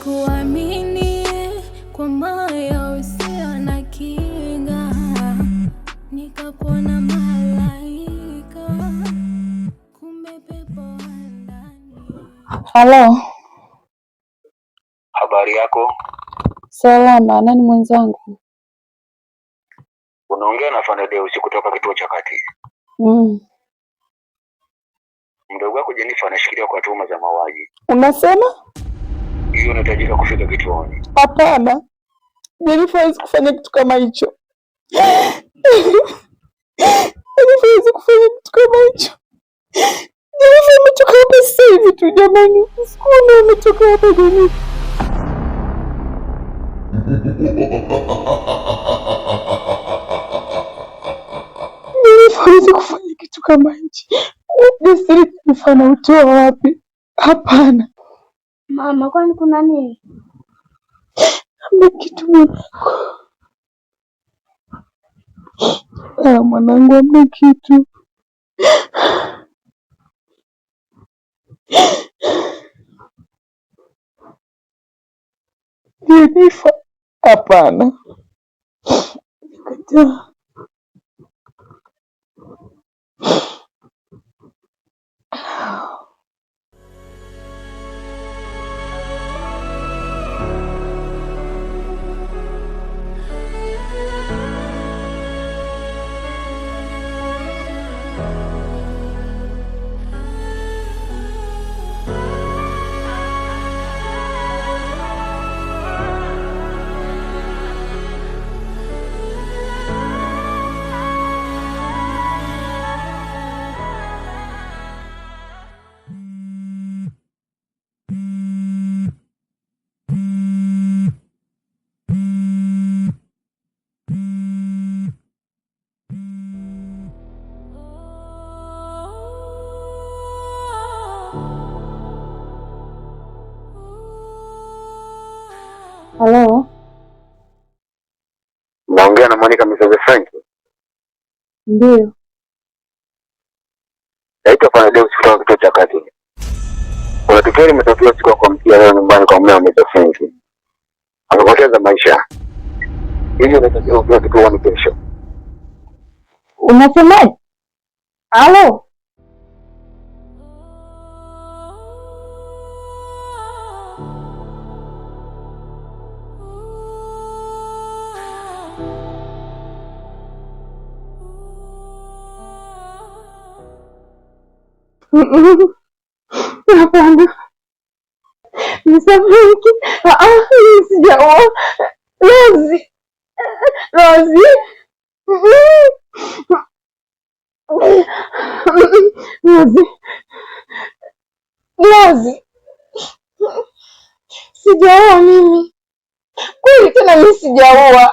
nikuaminie kwa moyo usio na kinga, nikakuona malaika, kumbe pepo ndani. Halo, habari yako? Salama. Nani mwenzangu? Unaongea na Fanadeusi kutoka kituo cha kati. Mm. Mdogo wako Jenifa anashikiliwa kwa tuhuma za mauaji. Unasema? hiyo unahitajika kufika kituoni. Hapana, Jenifa hawezi kufanya kitu kama hicho. Jenifa hawezi kufanya kitu kama hicho. Jenifa ametoka hapa sasa hivi tu, jamani, sikuona ametoka hapa Jenifa. hawezi kufanya kitu kama hichi. Ujasiri Jenifa anautoa wapi? Hapana. Mama, kwani kuna nini? Hamna kitu mwanangu. Ah, mwanangu, hamna kitu. Jennifer, hapana. Nikataa. Ndio. Naitwa Fanadeus kutoka kituo cha kati. Kuna tukio limetokea siku ya kuamkia leo nyumbani kwa mume wa Mr. Amepoteza maisha. Hivi unatakiwa ukiwa ni kesho. Unasemaje? Halo? Hapana, msamaki, ah, ah, sijaoa. Rozi, Rozi, Rozi, Rozi, sijaoa mimi kweli, tena mi sijaoa.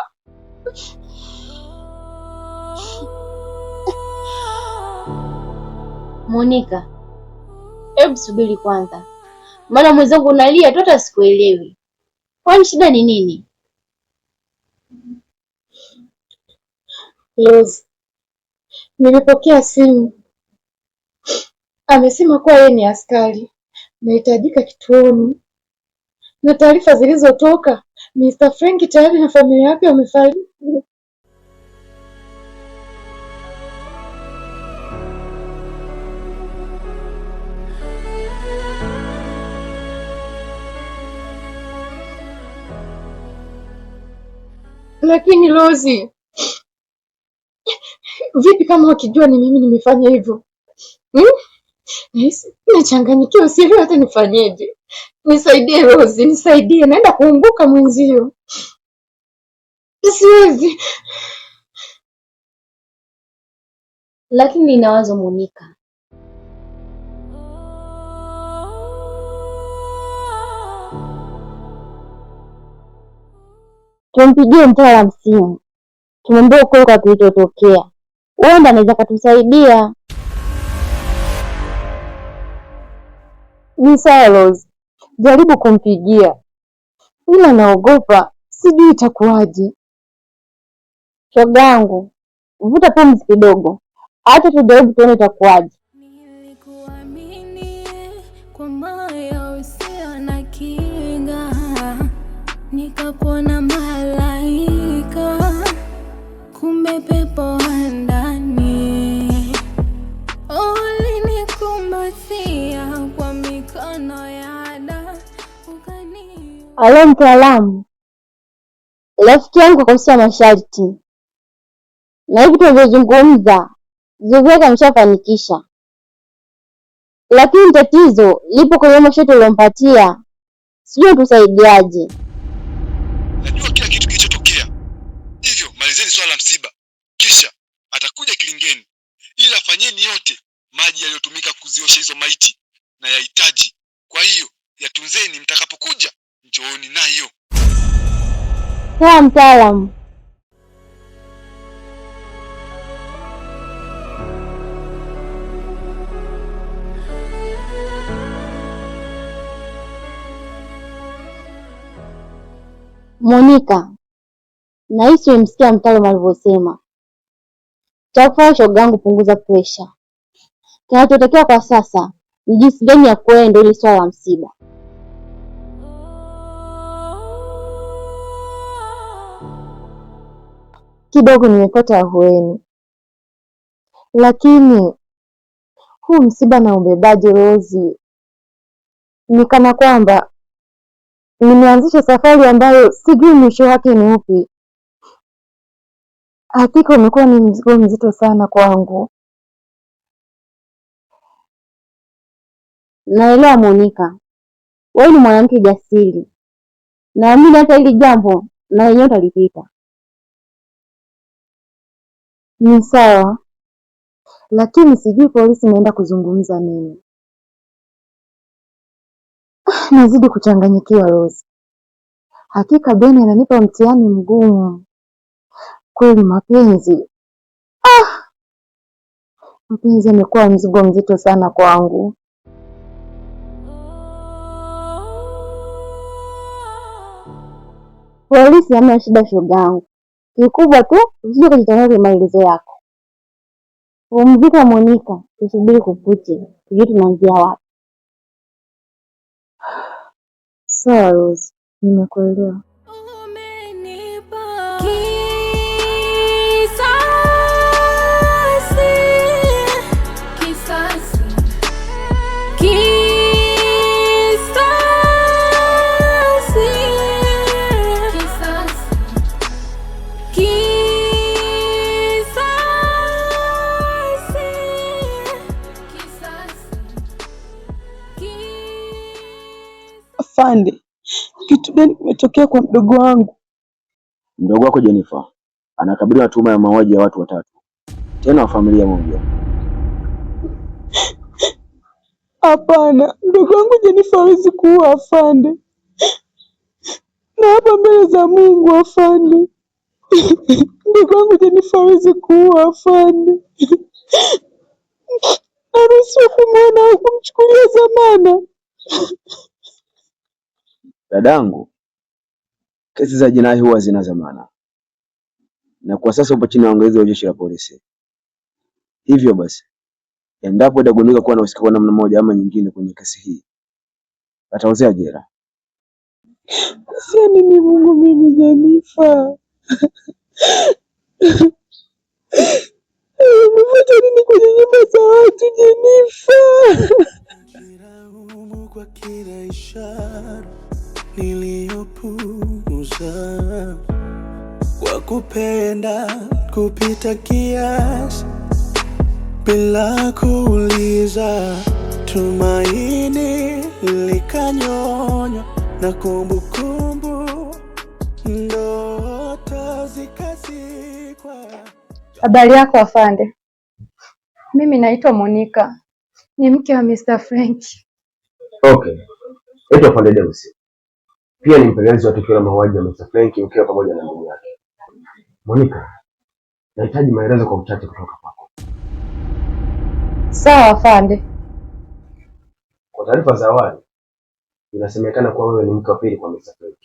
monika hebu subiri kwanza, maana mwenzangu unalia tu, hata sikuelewi. Kwani shida ni nini? Rose, nilipokea simu, amesema kuwa yeye ni askari nahitajika kituoni, na taarifa zilizotoka Mr. Frank tayari na familia yake wamefariki. Lakini Rozi, vipi kama wakijua ni mimi nimefanya hivyo hmm? Nachanganyikiwa, sielewi hata nifanyeje. Nisaidie Rozi, nisaidie, naenda kuumbuka mwenzio, siwezi. Lakini ninawazo Monika, tumpigie la msimu, tumwambie ukweli kwa kilichotokea, huenda anaweza katusaidia. Ni sawa Rose, jaribu kumpigia, ila naogopa, sijui itakuwaje. chogangu vuta pumzi kidogo, acha tujaribu tuone itakuwaje. Nilikuamini kwa moyo usio na kinga nikakuona malaika, kumbe pepo ndani. Ulinikumbatia kwa mikono ya ada ukani. Alo mtaalamu, rafiki yangu kakosea masharti na hivi tunavyozungumza zoezi ameshafanikisha, lakini tatizo lipo kwenye masharti uliompatia, sijui tusaidiaje najua kila kitu kilichotokea, hivyo malizeni swala la msiba, kisha atakuja kilingeni, ila fanyeni yote maji yaliyotumika kuziosha hizo maiti na yahitaji, kwa hiyo yatunzeni, mtakapokuja njooni nayo. Sawa mtaalamu, Monica, nahisi umemsikia mtaalam alivyosema. Chakufanya shoga yangu, punguza presha. Kinachotakiwa kwa sasa ni jinsi gani ya kuenda ili swala la msiba kidogo nimepata ahueni, lakini huu msiba na ubebaji Rozi, ni kana kwamba nimeanzisha safari ambayo sijui mwisho wake ni upi. Hakika umekuwa ni mzigo mzito sana kwangu. Naelewa Monika, wewe ni mwanamke jasiri, naamini hata hili jambo na yenyewe utalipita. Ni sawa, lakini sijui polisi imeenda kuzungumza nini. Nazidi kuchanganyikiwa Rose. Hakika Beni ananipa mtihani mgumu kweli. Mapenzi ah! Mpenzi amekuwa mzigo mzito sana kwangu. Polisi hamna shida, shogangu. Kikubwa tu usije kujitangaza maelezo yako. Pumzika Monika, tusubiri kukuche, tujue tunaanzia wapi. Sorrows nimekuelewa upande. Kitu gani kimetokea kwa mdogo wangu? Mdogo wako Jennifer anakabiliwa na tuhuma ya mauaji ya watu watatu, tena wa familia moja. Hapana, mdogo wangu Jennifer hawezi kuua afande, na hapa mbele za Mungu afande, mdogo wangu Jennifer hawezi kuua afande. Naruhusiwa kumwona au kumchukulia zamana? Dadangu, kesi za jinai huwa zina zamana, na kwa sasa upo chini ya uangalizi wa jeshi la polisi. Hivyo basi, endapo itagundulika kuwa anahusika kwa namna moja ama nyingine kwenye kesi hii, ataozea jela. Sasa ni Mungu, mimi Janifa umefuata nini kwenye nyumba za watu Jenifa? niliyopuuza kwa kupenda kupita kiasi bila kuuliza. Tumaini likanyonywa na kumbukumbu, ndoto zikazikwa. Habari yako afande, mimi naitwa monika ni mke wa Mr. Frank. Okay, Eto Afande Deusi pia ni mpelelezi wa tukio la mauaji ya Mr. Frank ukiwa pamoja na ndugu yake. Monica, nahitaji maelezo kwa uchache kutoka kwako. Sawa afande. Kwa taarifa za awali inasemekana kuwa wewe ni mke wa pili kwa Mr. Frank.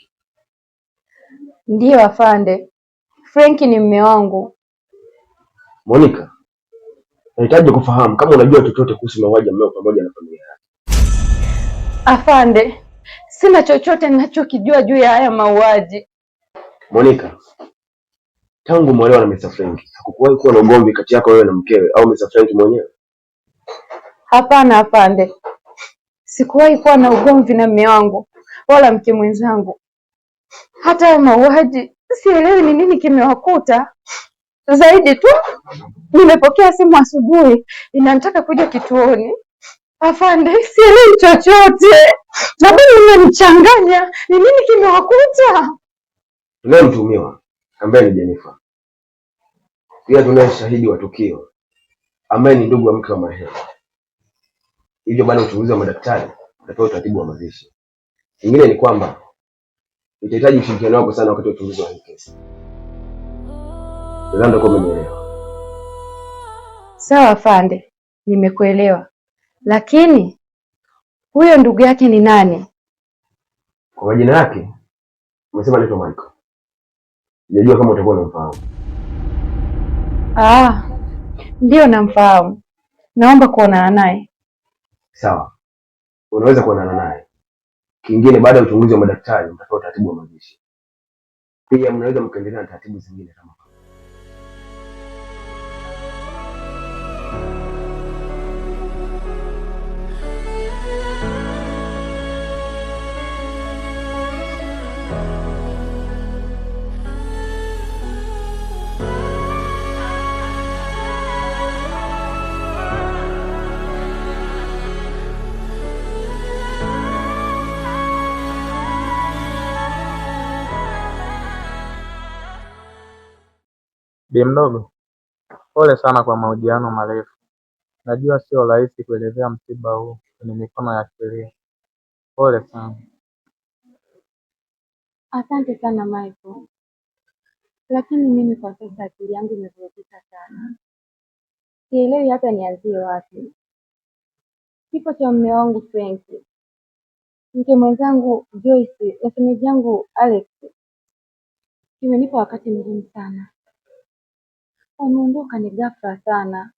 Ndiyo afande, Frank ni mme wangu. Monica, nahitaji kufahamu kama unajua chochote kuhusu mauaji ya mmeo pamoja na familia yake. Afande, Sina chochote ninachokijua juu ya haya mauaji. Monika, tangu mwalewa na Mr. Frank hakukuwahi kuwa na ugomvi kati yako wewe na mkewe au Mr. Frank mwenyewe? Hapana Apande, sikuwahi kuwa na ugomvi na mume wangu wala mke mwenzangu. Hata haya mauaji sielewi ni nini kimewakuta. Zaidi tu nimepokea simu asubuhi inanitaka kuja kituoni Afande, sielewi chochote, labda nimemchanganya. Ni nini kimewakuta leo? Mtumiwa ambaye ni Jenifa, pia tunaye shahidi wa tukio ambaye ni ndugu wa mke wa marehemu. Hivyo baada ya uchunguzi wa madaktari utapewa utaratibu wa mazishi. Ingine ni kwamba nitahitaji ushirikiano wako sana wakati wa uchunguzi wa hii kesi. Nadhani utakuwa umenielewa. Sawa afande, nimekuelewa. Lakini huyo ndugu yake ni nani? Kwa majina yake umesema anaitwa Michael. Sijajua kama utakuwa unamfahamu. Ah, ndio namfahamu. Naomba kuonana naye. Sawa, unaweza kuonana naye. Kingine, baada ya uchunguzi wa madaktari mtatoa taratibu wa mazishi. Pia mnaweza mkaendelea na taratibu zingine kama Bi mdogo, pole sana kwa mahojiano marefu. Najua sio rahisi kuelezea msiba huu kwenye mikono ya sheria. Pole sana. Asante sana Michael, lakini mimi kwa sasa akili yangu imevurugika sana, sielewi hata nianzie wapi. Kifo cha mume wangu Frank, mke mwenzangu Joyce na shemeji yangu Alex kimenipa wakati mgumu sana. Wameondoka ni ghafla sana,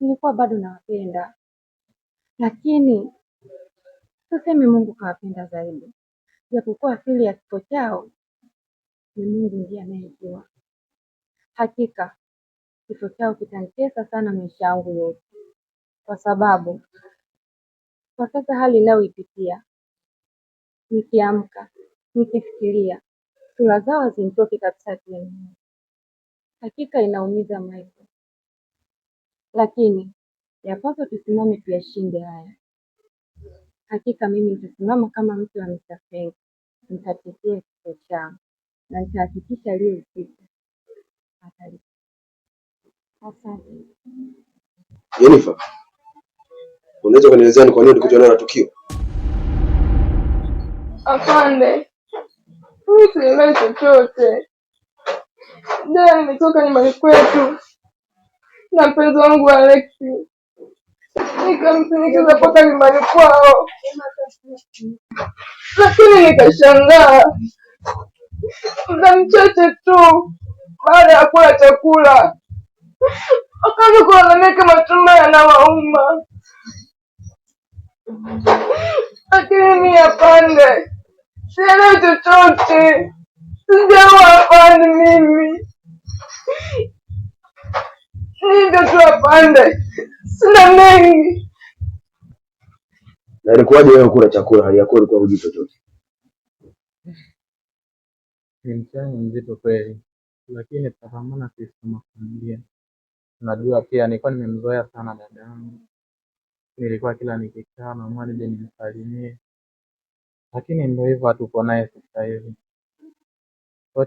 nilikuwa bado nawapenda, lakini tuseme Mungu kawapenda zaidi, japokuwa asili ya kifo chao ni Mungu ndiye anayejua. Hakika kifo chao kitanitesa sana maisha yangu yote, kwa sababu kwa sasa hali ninayoipitia, nikiamka, nikifikiria, sura zao zinitoke kabisa akilini hakika inaumiza macho, lakini yapaswa tusimame tuyashinde haya. Hakika mimi nitasimama kama mtu wa mitafengi, nitatetea kifo changu na nitahakikisha aliyehusika atalipa. Asante. Jenifa, unaweza kunielezea ni kwa nini leo na tukio? Afande, mimi silimai chochote. Jana nimetoka nyumbani kwetu na mpenzi wangu Alexi, nikamsindikiza mpaka nyumbani kwao, lakini nikashangaa, muda mchache tu baada ya kula chakula akaanza kuangalia kama tumbo yanawauma, lakini mi apande sielewi chochote, sijaua apande mimi hivyo tu apande, sina mengi. Na ilikuwaje wewe kula chakula, hali yako ilikuwa hujui chochote? Ni mtihani mzito kweli, lakini tutapambana sisi kama familia. Najua pia nilikuwa nimemzoea sana dada yangu, nilikuwa kila nikikaa naamua nije nimsalimie, lakini ndio hivyo, hatuko naye sasa hivi.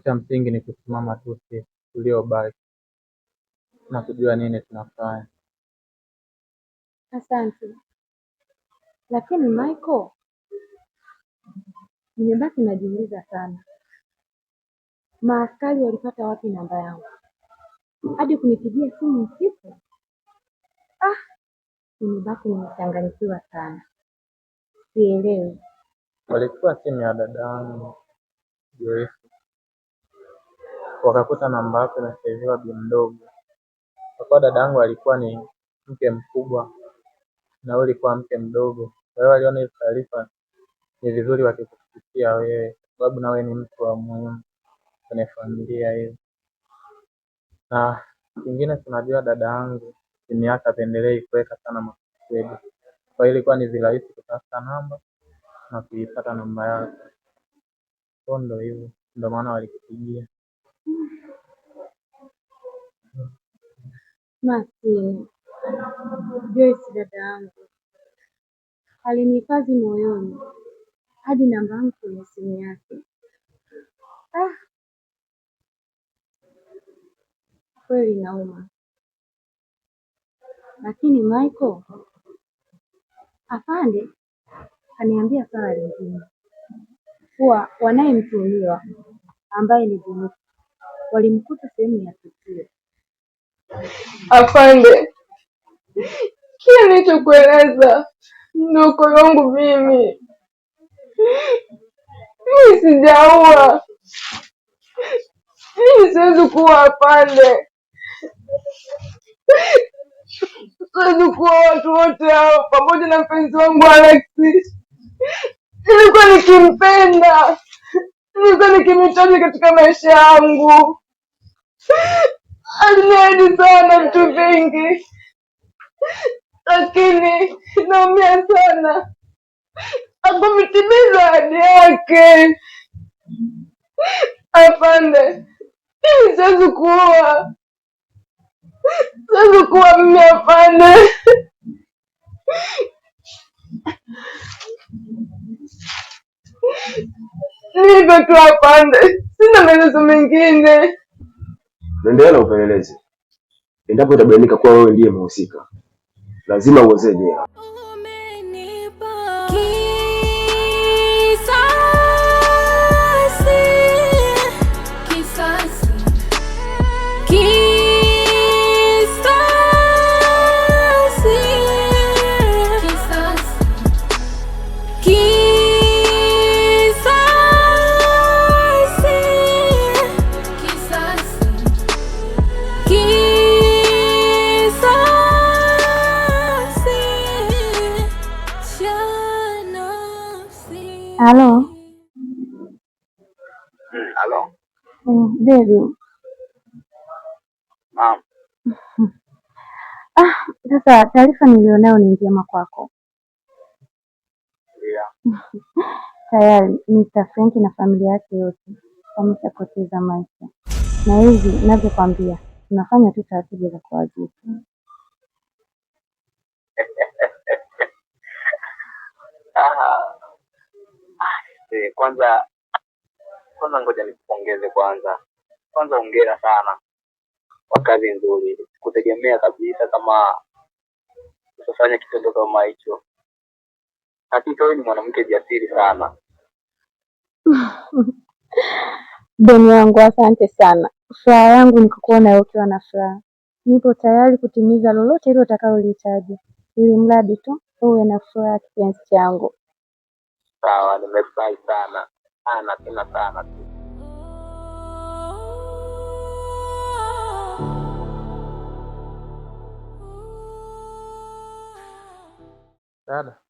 Cha msingi ni kusimama tu sisi uliobaki na kujua nini tunafanya. Asante. Lakini Michael, nimebaki najiuliza sana, maaskari walipata wapi namba yangu hadi kunipigia simu usiku? Ah, nimebaki nimechanganyikiwa sana, sielewi. Walikuwa simu ya dadangu Joyce wakakuta namba yako imeseviwa bi mdogo. Kwa kuwa yangu alikuwa ni mke mkubwa na wewe ulikuwa mke mdogo, kwa hiyo waliona hizo taarifa ni vizuri wakikufikia wewe, kwa sababu na wewe ni mtu wa muhimu kwenye familia hiyo. Na kingine tunajua dada yangu simu yake apendelei kuweka sana makusudi, kwa hiyo ilikuwa ni virahisi kutafuta namba na kuipata namba yake. ndo hivyo, ndo maana walikupigia. Maskini, Joyce dada yangu, alinihifadhi moyoni hadi namba yangu kwenye simu yake. Ah, kweli nauma, lakini Michael afande kaniambia swala lingine kuwa wanayemtumiwa ambaye ni Juma Walimkuta sehemu ya tukio. Afande, kile nilichokueleza ndoko yangu mimi. Mimi sijaua, mimi siwezi kuwa. Afande, siwezi kuwa watu wote hao pamoja na mpenzi wangu Alexi. Nilikuwa nikimpenda nilikuwa nikimhitaji katika maisha yangu. Aliniahidi sana vitu vingi, lakini naumia sana, akumitimiza ahadi yake. Afande, siwezi kuwa, siwezi kuwa mimi afande niko tu hapa, sina maelezo mengine. Naendelea na upelelezi. Endapo itabainika kuwa wewe ndiye mhusika, lazima uweze jela. Heri. Naam. Ah, sasa taarifa nilionayo ni njema kwako. Ndio. Tayari Mr. Frank na familia yake yote wameshapoteza maisha, na hivi ninavyokwambia, tunafanya tu taratibu za kuwajua. Ah, kwanza kwanza, ngoja nikupongeze kwanza kwanza hongera sana kwa kazi nzuri, sikutegemea kabisa kama utafanya kitendo kama hicho. Hakika wewe ni mwanamke jasiri sana. Beni wangu, asante sana. Furaha yangu ni kukuona ukiwa na furaha. Nipo tayari kutimiza lolote hilo utakalolihitaji, ili mradi tu uwe na furaha, kipenzi changu. Sawa, nimefurahi sana ah, sana tena sana. Nada.